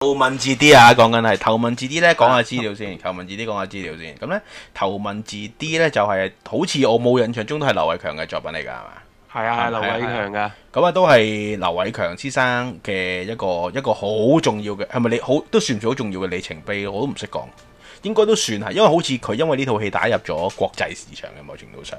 頭文字 D 啊，講緊係頭文字 D 咧，講下資料先。頭文字 D 講下資料先。咁咧，頭文字 D 咧就係、是、好似我冇印象中都係劉偉強嘅作品嚟噶，係嘛？係啊，係劉偉強噶。咁啊，都係劉偉強先生嘅一個一個好重要嘅，係咪？是是，你好都算唔算好重要嘅里程碑？我都唔識講，應該都算係，因為好似佢因為呢套戲打入咗國際市場嘅某程度上。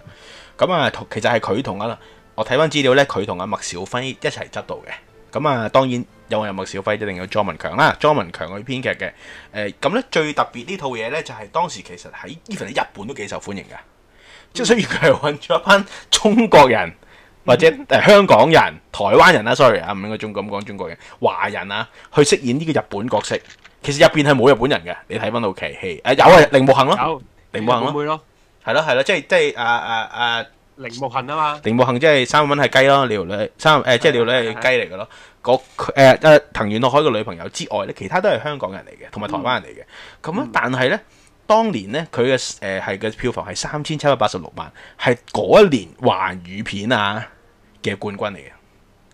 咁啊，其實係佢同啊。我睇翻資料咧，佢同阿麥小輝一齊執導嘅。咁啊，當然有冇有麥小輝一定有莊文強啦，莊、啊、文強去編劇嘅。誒，咁咧最特別呢套嘢咧，就係當時其實喺 even 日本都幾受歡迎嘅。即係所以佢係揾咗一班中國人或者誒香港人、台灣人啦，sorry，唔應該中咁講中國人、華人啊，去飾演呢個日本角色。其實入邊係冇日本人嘅。你睇翻套劇戲，誒有啊，有鈴木杏咯，有鈴木杏咯，係咯係咯，即係即係啊啊啊！呃呃鈴木杏啊嘛，鈴木杏即係三萬蚊係雞咯，廖女三誒即係廖女係雞嚟噶咯，誒誒、呃、藤原拓海嘅女朋友之外咧，其他都係香港人嚟嘅，同埋台灣人嚟嘅，咁、嗯、但係咧當年咧佢嘅誒係嘅票房係三千七百八十六萬，係嗰一年華語片啊嘅冠軍嚟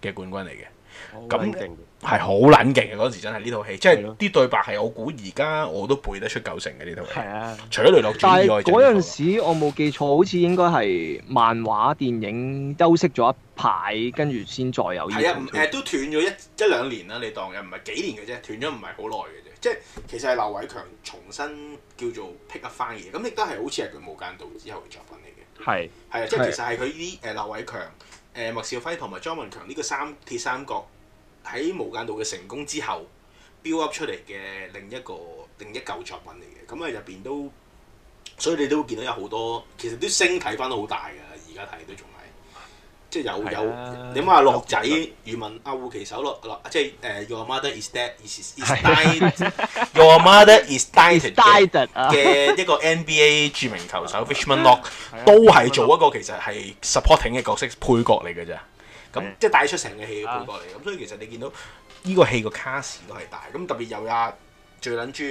嘅嘅冠軍嚟嘅，咁、哦。那 okay. 係好冷靜嘅嗰陣時，真係呢套戲，即係啲是的 對白係我估而家我都背得出九成嘅呢套戲。係啊的，除咗雷洛之外，嗰陣時我冇記錯，好似應該係漫畫電影休息咗一排，跟住先再有。係啊，都斷咗一一兩年啦，你當又唔係幾年嘅啫，斷咗唔係好耐嘅啫。即係其實係劉偉強重新叫做 pick up 翻嘅，咁亦都係好似係佢無間道之後嘅作品嚟嘅。係係啊，即係其實係佢呢啲誒劉偉強、誒麥兆輝同埋莊文強呢個三鐵三角。喺無間道嘅成功之後，build up 出嚟嘅另一個另一舊作品嚟嘅，咁啊入邊都，所以你都會見到有好多，其實啲星睇翻都好大㗎，而家睇都仲係，即係有的有你解話樂仔余文阿、啊、胡奇手落，樂、啊，即係誒、uh, Your mother is dead is, is died, 的 Your mother is died is died 嘅、uh. 一個 NBA 著名球手 Fishman Lock 都係做一個其實係 supporting 嘅角色配角嚟嘅啫。咁、嗯、即係帶出成嘅戲配過嚟，咁、嗯、所以其實你見到呢個戲個卡 a 都係大，咁特別有阿、啊、最捻中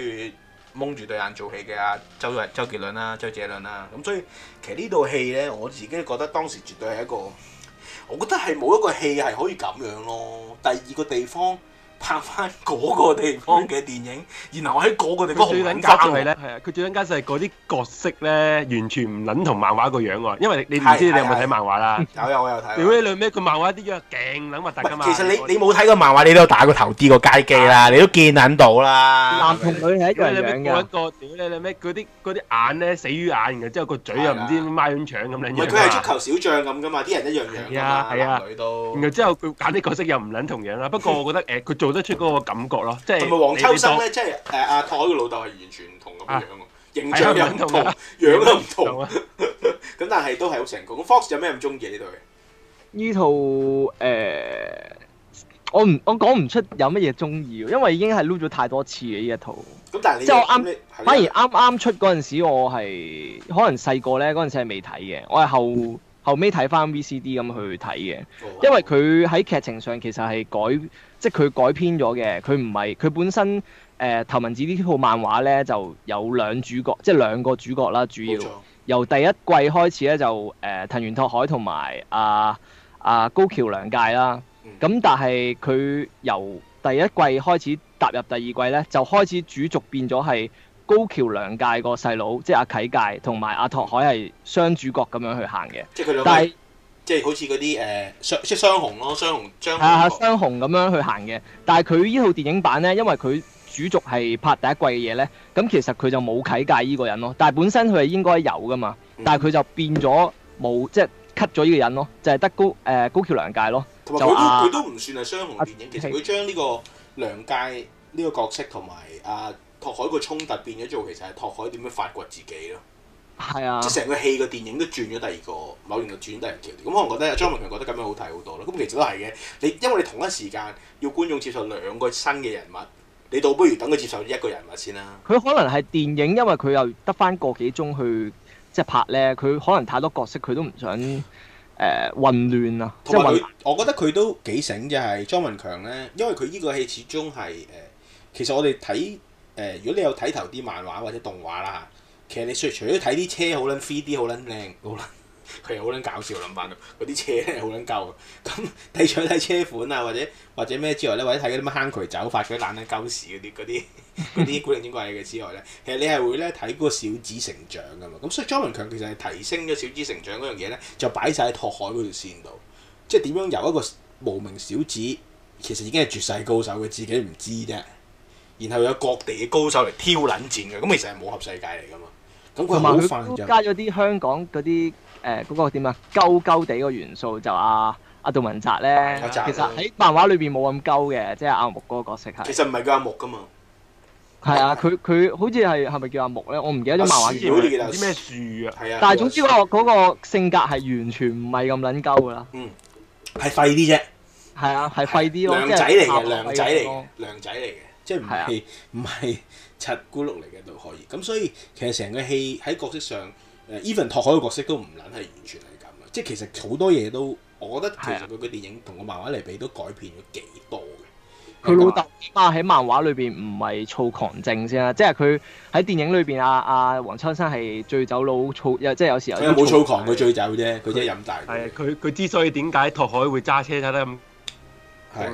蒙住對眼做戲嘅阿周周杰倫啦、周杰倫啦、啊，咁、啊、所以其實戲呢套戲咧，我自己覺得當時絕對係一個，我覺得係冇一個戲係可以咁樣咯。第二個地方。拍翻嗰個地方嘅電影，然後我喺嗰個地方。佢最撚加嘅咧，係啊，佢最撚加就係嗰啲角色咧，完全唔撚同漫畫個樣喎。因為你唔知你有冇睇漫畫啦。有，有我有睇。屌你老味，佢漫畫啲樣勁撚核突噶嘛。其實你你冇睇過漫畫，你都有打過頭 D 個街機啦，你都見撚到啦。男同女係一樣樣㗎。因為你咪冇一個屌你老味，嗰啲嗰啲眼咧死魚眼嘅，然後之後個嘴又唔知點樣孖緊腸咁樣。唔係佢係足球小將咁噶嘛，啲人一樣樣噶嘛，男同女都。然後之後佢揀啲角色又唔撚同樣啦，不過我覺得誒，佢做做得出嗰個感覺咯，即係同黃秋生咧，說即係誒拓海嘅老豆係完全唔同咁樣、啊、形象又唔同， 樣都唔同啊。咁 但係都係好成功。咁 Fox 有咩咁中意呢套？呢套誒，我唔我講唔出有乜嘢中意喎，因為已經係擼咗太多次嘅呢一套。咁但係你即係我啱，麼反而啱啱出嗰陣時，我時，時，我係可能細個咧嗰陣時係未睇嘅，我係後。 後尾睇翻 VCD 咁去睇嘅，哦、因為佢喺劇情上其實係改，即係佢改編咗嘅。佢唔係佢本身誒、呃、頭文字呢套漫畫咧就有兩主角，即係兩個主角啦，主要、哦、由第一季開始咧就誒、呃、藤原拓海同埋啊啊高橋涼介啦。咁、嗯、但係佢由第一季開始踏入第二季咧，就開始主軸變咗係。高橋良介個細佬，即係阿啟介同埋阿拓海係雙主角咁樣去行嘅，即係佢兩，但係即係好似嗰啲誒雙即係雙雄咯，雙雄張係啊，雙雄咁樣去行嘅。但係佢呢套電影版咧，因為佢主軸係拍第一季嘅嘢咧，咁、嗯、其實佢就冇啟介依個人咯。但係本身佢係應該有噶嘛，但係佢就變咗冇，即係 cut 咗依個人、就係呃、咯，有就係得高誒高橋良介咯。佢都佢都唔算係雙雄電影，uh, 其實佢將呢個良介呢個角色同埋阿。拓海個衝突變咗做，其實係拓海點樣發掘自己咯，係啊，即係成個戲個電影,電影都轉咗第二個，某程度轉第二條橋。咁我可能覺得張文強覺得咁樣好睇好多咯。咁其實都係嘅，你因為你同一時間要觀眾接受兩個新嘅人物，你倒不如等佢接受一個人物先啦。佢可能係電影，因為佢又得返個幾鐘去即係拍咧，佢可能太多角色，佢都唔想誒、呃、混亂啊。即係、嗯、我覺得佢都幾醒即係張文強咧，因為佢呢個戲始終係誒，其實我哋睇。誒，如果你有睇頭 D 漫畫或者動畫啦嚇，其實你除咗睇啲車好撚 3D 好撚靚好撚，係好撚搞笑嘅諗法咯。嗰啲車咧好撚鳩。咁睇咗睇車款啊，或者或者咩之外咧，或者睇啲乜坑渠走法，或者懶撚鳩屎嗰啲嗰啲啲古靈精怪嘅之外咧，其實你係會咧睇嗰個小子成長噶嘛。咁所以莊文強其實係提升咗小子成長嗰樣嘢咧，就擺晒喺拓海嗰條線度，即係點樣由一個無名小子，其實已經係絕世高手佢自己唔知啫。然後有各地嘅高手嚟挑撚戰嘅，咁其實係武俠世界嚟噶嘛。咁佢加咗啲香港嗰啲誒嗰個點啊？鳩鳩地個元素就阿阿杜汶澤咧。其實喺漫畫裏邊冇咁鳩嘅，即係阿木嗰個角色係。其實唔係叫阿木噶嘛。係啊，佢佢好似係係咪叫阿木咧？我唔記得咗漫畫。之前好似叫啲咩樹啊？係啊。但係總之嗰個嗰個性格係完全唔係咁撚鳩噶啦。嗯，係廢啲啫。係啊，係廢啲咯。靚仔嚟嘅，靚仔嚟嘅，靚仔嚟嘅。即係唔係唔係七咕碌嚟嘅都可以，咁所以其實成個戲喺角色上，誒 Even 拓海嘅角色都唔撚係完全係咁嘅，即係其實好多嘢都我覺得其實佢個電影同個漫畫嚟比都改變咗幾多嘅。佢老豆阿喺漫畫裏邊唔係躁狂症先啦，啊啊，即係佢喺電影裏邊阿阿黃秋生係醉酒佬躁，即係有時候。因為冇躁狂，佢醉酒啫，佢一係飲大。係佢佢之所以點解拓海會揸車揸得咁？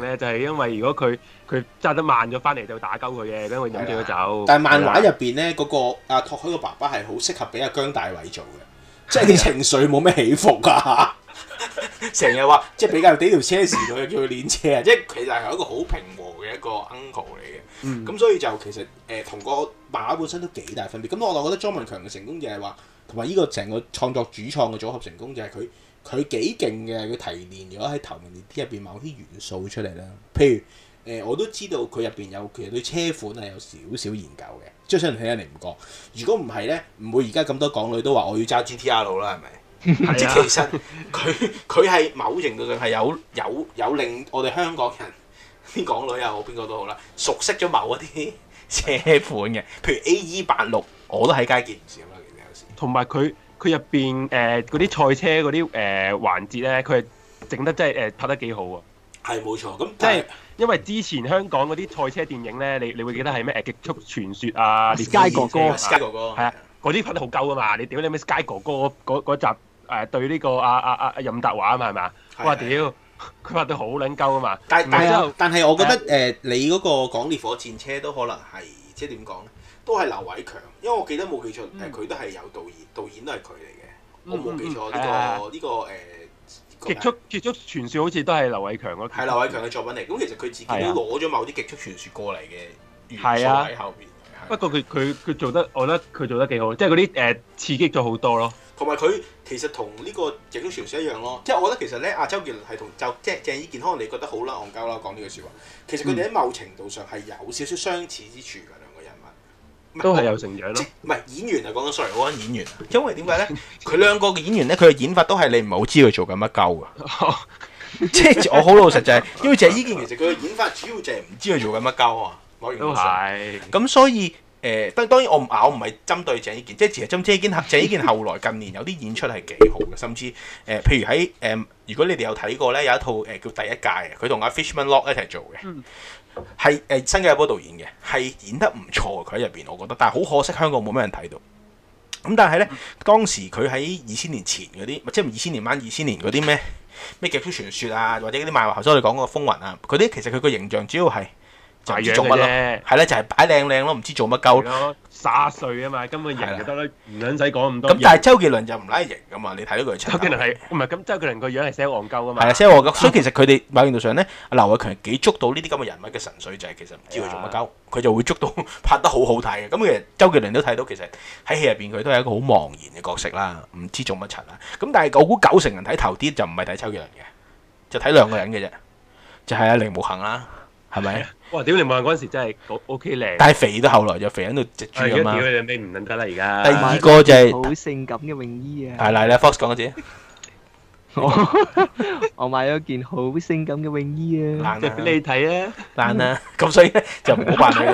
咧就係因為如果佢佢揸得慢咗翻嚟就打鳩佢嘅，咁佢飲醉咗酒的。走但係漫畫入邊咧，嗰的、嗰個阿拓、啊、海嘅爸爸係好適合俾阿姜大偉做嘅，的即係啲情緒冇咩起伏啊，成日話即係比較俾條車線佢，叫佢練車啊，即係其實係一個好平和嘅一個 uncle 嚟。咁、嗯、所以就其實誒同、呃、個馬本身都幾大分別，咁、嗯、我就覺得莊文強嘅成功就係話，同埋呢個成個創作主創嘅組合成功就係佢佢幾勁嘅，佢提煉咗喺頭文字 D 入邊某啲元素出嚟啦。譬如誒、呃，我都知道佢入邊有其實對車款係有少少研究嘅，即張生睇下你唔覺。如果唔係咧，唔會而家咁多港女都話我要揸 GTR 啦，係咪？是啊、即係其實佢佢係某程度上係有有有，有令我哋香港人。邊港女又好，邊個都好啦。熟悉咗某一啲車款嘅，譬如 AE86，我都喺街見唔少啦。其實有時同埋佢佢入邊誒嗰啲賽車嗰啲誒環節咧，佢係整得真係誒拍得幾好喎。係冇錯，咁即係因為之前香港嗰啲賽車電影咧，你你會記得係咩？誒《極速傳説》啊，《街哥哥》。街哥哥係啊，嗰啲拍得好夠啊嘛！你屌你咩？《街哥哥》嗰集誒對呢個阿阿阿任達華啊嘛，係咪？哇屌！佢拍到好撚鳩啊嘛，但但又但係，我覺得誒、啊呃、你嗰個港烈火戰車都可能係即係點講咧，都係劉偉強，因為我記得冇記錯，誒佢、嗯呃、都係有導演，導演都係佢嚟嘅，我冇記錯呢、嗯呢個呢、啊呢個誒、呢個、極速、呃呢個、極速傳説好似都係劉偉強嗰個，係、啊、劉偉強嘅作品嚟，咁其實佢自己都攞咗某啲極速傳説過嚟嘅元素喺後邊。不過佢佢佢做得，我覺得佢做得幾好，即係嗰啲誒刺激咗好多咯。同埋佢其實同呢個鄭中樑先生一樣咯，即係我覺得其實咧，阿周杰倫係同就即係鄭伊健可能你覺得好撚戇鳩啦，講呢句説話。其實佢哋喺某程度上係有少少相似之處嘅兩個人物，都係有成長咯。唔係演員啊，講緊 sorry 演員，因為點解咧？佢兩個嘅演員咧，佢嘅演法都係你唔好知佢做緊乜鳩嘅。即係我好老實，就係因為鄭伊健其實佢嘅演法主要就係唔知佢做緊乜鳩啊。都係咁，所以誒、呃，當然我唔，我唔係針對鄭伊健，即係其實針鄭伊健，客鄭伊健後來近年有啲演出係幾好嘅，甚至誒、呃，譬如喺誒、呃，如果你哋有睇過咧，有一套誒、呃、叫第一屆嘅，佢同阿 Fishman Lock 一齊做嘅，係誒、嗯呃、新加坡導演嘅，係演得唔錯，佢喺入邊，我覺得，但係好可惜香港冇咩人睇到。咁、嗯、但係咧，當時佢喺二千年前嗰啲，即係二千年晚二千年嗰啲咩咩《劍橋傳說》啊，或者嗰啲《賣畫頭》，先我哋講嗰個《風雲》啊，嗰啲其實佢個形象主要係。就唔知做乜咯，係咧，就係擺靚靚咯，唔知做乜鳩咯，耍帥啊嘛，根本型就得啦，唔卵使講咁多。咁但係周杰倫就唔拉型噶嘛，你睇到佢陳。周杰倫係唔係？咁周杰倫個樣係寫戇鳩噶嘛，係寫戇鳩。所以其實佢哋某程度上咧，劉偉強幾捉到呢啲咁嘅人物嘅神髓，就係其實唔知佢做乜鳩，佢就會捉到拍得好好睇嘅。咁其實周杰倫都睇到，其實喺戲入邊佢都係一個好茫然嘅角色啦，唔知做乜柒啦。咁但係我估九成人睇頭啲就唔係睇周杰倫嘅，就睇兩個人嘅啫，就係阿寧武行啦。係咪？哇！屌你冇人嗰時真係 OK 靚，但係肥到後來就肥喺度直住咁嘛。屌你，你唔撚得啦而家。第二個就係、是、好、那個、性感嘅泳衣啊！嚟嚟啦，Fox 講多次！ 我我買咗件好性感嘅泳衣啊，就俾你睇啊，難啊，咁所以咧就唔好扮女，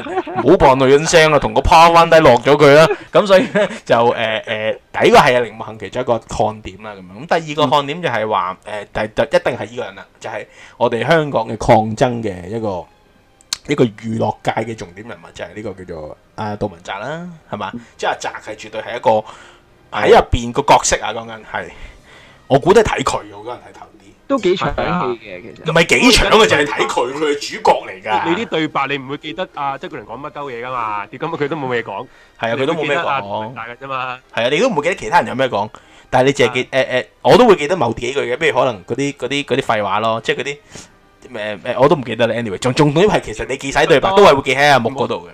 唔好扮女人聲啦，同個趴翻低落咗佢啦，咁所以咧就誒誒，第一個係啊鈴木杏其中一個看點啦，咁樣，咁第二個看點就係話誒，第第一定係呢個人啦，就係我哋香港嘅抗爭嘅一個一個娛樂界嘅重點人物，就係呢個叫做阿杜汶澤啦，係嘛，即係阿澤係絕對係一個喺入邊個角色啊，講緊係。我估都係睇佢，我覺得係頭啲，都幾搶戲嘅其實。唔係幾搶嘅就係睇佢，佢係主角嚟㗎。你啲對白你唔會記得啊？即係佢人講乜鳩嘢㗎嘛？啲咁啊，佢都冇咩講。係啊，佢都冇咩講。大㗎啫嘛。係啊，你都唔會記得其他人有咩講，但係你淨係記誒誒，我都會記得某幾句嘅，比如可能嗰啲嗰啲嗰啲廢話咯，即係嗰啲誒誒，我都唔記得啦。Anyway，仲仲有一排其實你記曬對白都係會記喺阿木嗰度嘅。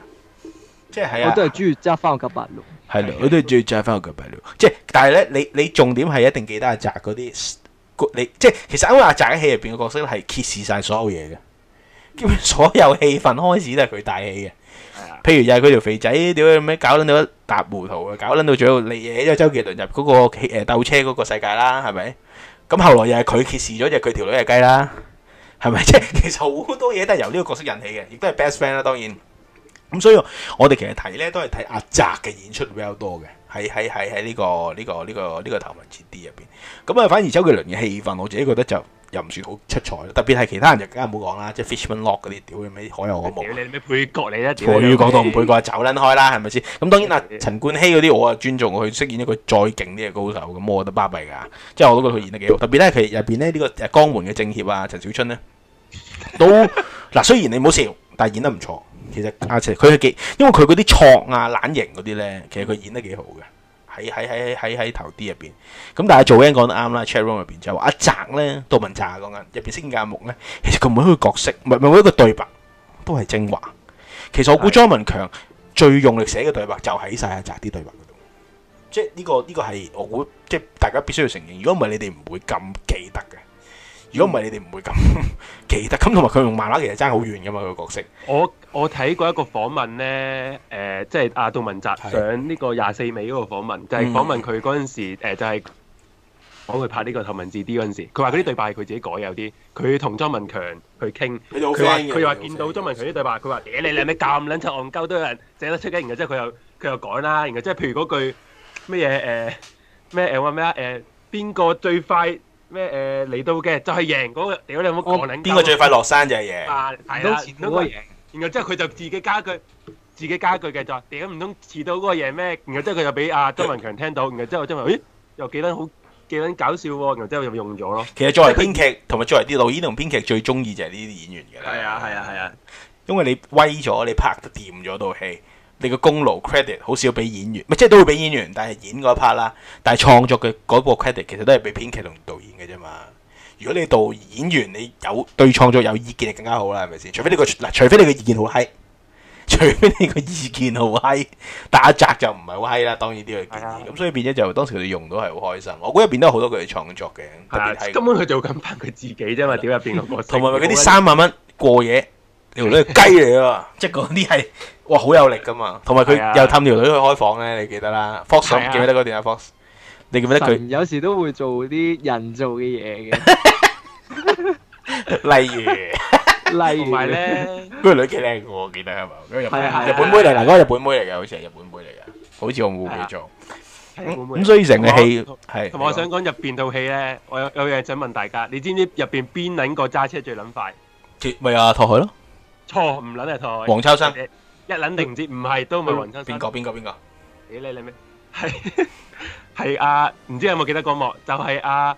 即係啊！我都係中意揸翻個九八六。係咯，我都係中意揸翻個九八六。即係，但係咧，你你重點係一定記得阿澤嗰啲，你即係其實阿澤喺戲入邊嘅角色係揭示晒所有嘢嘅。基本所有戲份開始都係佢帶戲嘅。係啊。譬如又係佢條肥仔屌咩搞捻到一塌糊塗啊！搞捻到最後你惹咗周杰倫入嗰個誒鬥車嗰個世界啦，係咪？咁後來又係佢揭示咗，隻佢條女係雞啦，係咪？即係其實好多嘢都係由呢個角色引起嘅，亦都係 best friend 啦，當然。咁、嗯、所以，我哋其實睇咧都係睇阿澤嘅演出比較多嘅，喺喺喺喺呢個呢、這個呢、這個呢、這個頭文字 D 入邊。咁、嗯、啊，反而周杰倫嘅戲份，我自己覺得就又唔算好出彩。特別係其他人就梗係冇講啦，即係 Fishman Lock 嗰啲屌嘅咩可有可無。屌你咩配角嚟配角都唔配角，走甩開啦，係咪先？咁、嗯、當然啦，陳冠希嗰啲我啊尊重佢，飾演一個再勁啲嘅高手，咁我覺得巴閉噶。即係我都覺得佢演得幾好。特別咧，佢入邊咧呢個江門嘅政協啊，陳小春咧都嗱， 雖然你冇笑，但係演得唔錯。其實阿哲佢係幾，因為佢嗰啲錯啊、懶型嗰啲咧，其實佢演得幾好嘅。喺喺喺喺喺頭啲入邊咁，但係 Joan 講得啱啦，Chiron 入邊就話阿澤咧，杜汶澤講緊入邊先阿木咧。其實佢每一個角色，唔係唔係每一個對白都係精華。其實我估莊文強最用力寫嘅對白就喺晒阿澤啲對白嗰度，即係呢個呢個係我估，即係大家必須要承認。如果唔係你哋唔會咁記得嘅，如果唔係你哋唔會咁記得咁，同埋佢用漫畫其實爭好遠噶嘛，佢個角色我。我睇過一個訪問咧，誒，即係阿杜汶澤上呢個廿四尾嗰個訪問，就係訪問佢嗰陣時，誒，就係講佢拍呢個《頭文字 D》嗰陣時，佢話嗰啲對白係佢自己改有啲，佢同莊文強去傾，佢話佢又話見到莊文強啲對白，佢話：你你你咁撚出戇鳩，都有人寫得出嘅。然後即係佢又佢又改啦，然後即係譬如嗰句乜嘢誒咩誒話咩啊誒邊個最快咩誒嚟到嘅就係贏嗰個。如果你有冇講撚，邊個最快落山就係贏。係贏。然後之後佢就自己加句，自己加句繼續，點唔通遲到嗰個嘢咩？然後之後佢就俾阿、啊、周文強聽到，然後之後周、就、文、是，咦，又幾捻好，幾捻搞笑喎、哦。然後之後又用咗咯。其實作為編劇同埋他作為啲導演同編劇最中意就係呢啲演員嘅啦。係啊係啊係啊，啊啊因為你威咗，你拍得掂咗套戲，你個功勞 credit 好少俾演員，咪即係都會俾演員，但係演嗰一 part 啦，但係創作嘅嗰部 credit 其實都係俾編劇同導演嘅啫嘛。如果你做演員，你有對創作有意見就更加好啦，係咪先？除非你個嗱，除非你嘅意見好嗨，除非你嘅意見好閪，但係阿澤就唔係好嗨啦。當然啲嘅建議咁，啊、所以變咗就當時佢哋用到係好開心。我估入邊都有好多佢哋創作嘅，啊、根本佢就咁翻佢自己啫嘛。點入邊個同埋咪嗰啲三萬蚊過夜條女雞嚟喎，即係嗰啲係哇好有力噶嘛。同埋佢又氹條女去開房咧，你記得啦。Fox 記唔記得嗰啲啊？Fox？你記唔記得佢？有時都會做啲人做嘅嘢嘅，例如，例如咧，嗰個女幾靚嘅，我記得係咪？因為日本妹嚟，嗰個日本妹嚟嘅，好似係日本妹嚟嘅，好似我冇記錯。咁所以成個戲係，同埋我想講入邊套戲咧，我有有嘢想問大家，你知唔知入邊邊捻個揸車最捻快？咪阿拓海咯？錯，唔捻係拓海。黃秋生，一捻定唔知？唔係都咪黃秋生？邊個？邊個？邊個？幾靚靚咩？係。係啊，唔知有冇記得個幕就係阿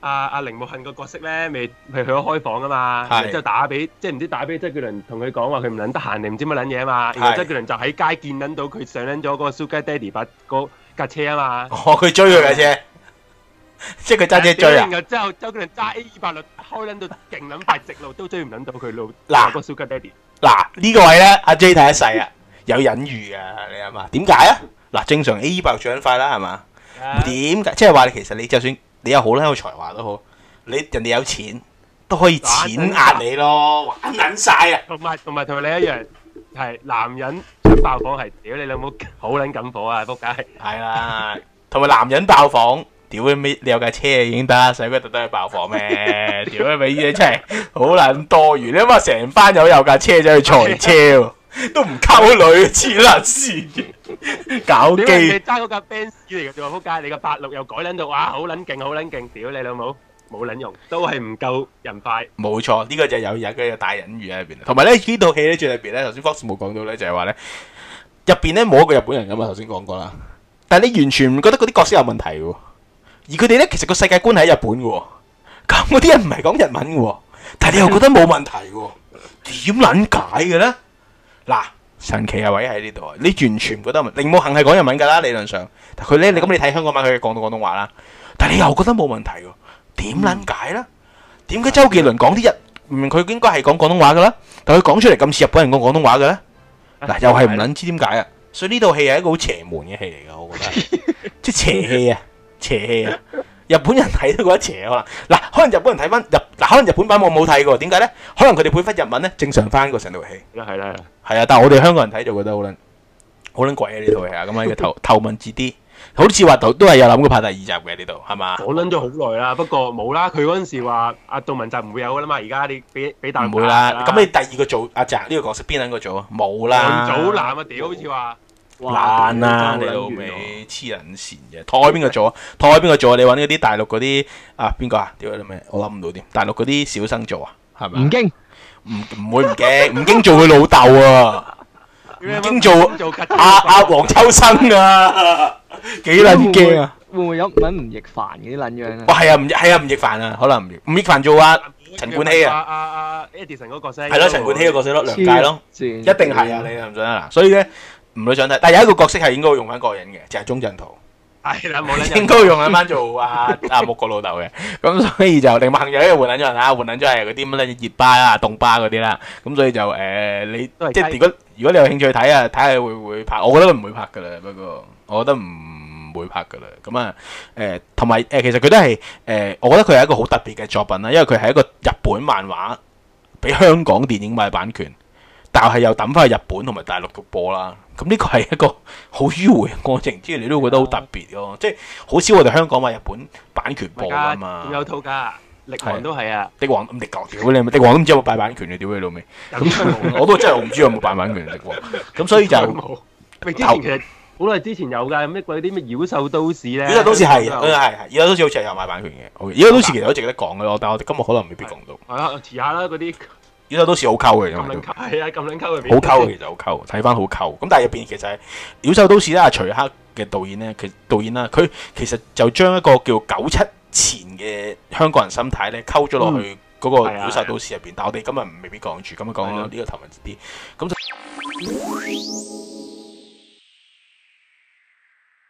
阿阿凌慕恨個角色咧，未係去咗開房啊嘛，是的 後就打俾即係唔知打俾周傑倫，同佢講話佢唔捻得閒定唔知乜撚嘢啊嘛。然後周傑倫就喺街見撚到佢上撚咗 s u 嗰個蘇 d 爹哋把嗰架車啊嘛，哦，佢追佢架車， 即係佢揸車追啊。之後周傑倫揸 A 二八六開撚到勁撚快直路都追唔撚到佢路嗱個蘇雞爹哋嗱呢個位咧，阿、啊、J 睇一世啊， 有隱喻啊，你係下點解啊？嗱，正常 A 二八六最快啦，係嘛？點㗎？即係話你其實你就算你有好啦，有才華都好，你人哋有錢都可以錢壓你咯，玩捻晒啊！同埋同埋同埋你一樣係男、啊啊、男人爆房係屌你老母好捻緊火啊！仆街係啦，同埋男人爆房屌你有架車已經得，使鬼特登去爆房咩？屌 你咪依家出嚟好捻多餘，你諗下成班友有架車走去坐超。 都唔溝女，黐卵線，搞機。點解你揸嗰架 Benz 嚟嘅？仲話仆街，你個八六又改捻到，哇，好捻勁，好捻勁，屌你老母，冇捻用，都係唔夠人快。冇錯，呢個就係有佢嘅大隱喻喺入邊。同埋咧，呢套戲咧最入邊咧，頭先 Fox 冇講到咧，就係話咧，入邊咧冇一個日本人噶嘛，頭先講過啦。但係你完全唔覺得嗰啲角色有問題，而佢哋咧其實個世界觀係喺日本噶，咁嗰啲人唔係講日文噶，但係你又覺得冇問題，點捻解嘅咧？嗱，神奇嘅位喺呢度啊！你完全唔覺得明，你冇幸係講日文㗎啦，理論上。但佢咧，嗯、你咁你睇香港版佢講到廣東話啦。但你又覺得冇問題喎？點撚解咧？點解、嗯、周杰倫講啲日？明明佢應該係講廣東話㗎啦，但佢講出嚟咁似日本人講廣東話嘅咧？嗱，又係唔撚知點解啊。啊所以呢套戲係一個好邪門嘅戲嚟嘅，我覺得，即 邪氣啊，邪氣啊！日本人睇都覺得邪，可能，嗱可能日本人睇翻日，嗱可能日本版我冇睇過，點解咧？可能佢哋配翻日文咧，正常翻過成套戲。係啦係啦，係啊！但係我哋香港人睇就覺得好撚好撚鬼啊！呢套戲啊，咁啊頭頭文字 D 好似話都都係有諗過拍第二集嘅呢度係嘛？我撚咗好耐啦，不過冇啦。佢嗰陣時話阿杜汶澤唔會有噶啦嘛，而家你俾俾大會啦。咁你第二個做阿澤呢個角色邊撚個做啊？冇啦，早攬啊屌！好似話。爛啦！你老味黐人線嘅，台邊個做啊？台邊個做啊？你搵嗰啲大陸嗰啲啊？邊個啊？點啊？咩？我諗唔到啲大陸嗰啲小生做啊？係咪啊？吳京？唔唔會唔驚？吳京做佢老豆啊？吳京做阿阿黃秋生啊？幾撚驚啊？會唔會有搵吳亦凡嗰啲撚樣啊？哇！係啊，吳係啊，吳亦凡啊，可能吳亦吳亦凡做啊？陳冠希啊？阿阿阿 Edison 嗰角色係咯？陳冠希嗰角色咯？梁界咯？一定係啊！你林俊啊？所以咧。唔會想睇，但係有一個角色係應該會用翻個人嘅，就係鍾鎮濤。係啦、 啊，應該用緊翻做阿阿木個老豆嘅，咁、嗯、所以就另外又喺度換緊咗人吓，換緊咗係嗰啲乜嘢熱巴啊、凍巴嗰啲啦。咁所以就誒、呃，你是即係如果如果你有興趣睇啊，睇下會唔會拍，我覺得唔會拍噶啦。不過我覺得唔會拍噶啦。咁啊，誒、呃，同埋誒，其實佢都係誒，我覺得佢係一個好特別嘅作品啦，因為佢係一個日本漫畫俾香港電影買版權。就係又揼翻去日本同埋大陸度播啦，咁呢個係一個好迂迴嘅過程，之餘你都會覺得好特別咯、啊，即係好少我哋香港買日本版權播啊嘛。有套㗎，力王都係啊。力王咁你搞屌你，力王都唔知有冇買版權你屌你老味。我都真係唔知有冇買版權力王。咁 所以就頭其實好耐之前有㗎，咩鬼啲咩妖獸都市咧？妖獸都市係係係，妖獸都市好似有買版權嘅。妖獸都市其實值得都講嘅，但我哋今日可能未必講到。係啊，遲下啦嗰啲。《妖獸都市》好溝嘅，咁都係啊，咁拎溝嘅，好溝嘅，其實好溝，睇翻好溝。咁但係入邊其實《妖獸都市》咧，徐克嘅導演咧、啊，其導演啦，佢其實就將一個叫九七前嘅香港人心態咧，溝咗落去嗰個《妖獸都市》入邊、嗯。啊啊、但係我哋今日未必講住，今日講呢個頭文字 D，咁就。嗯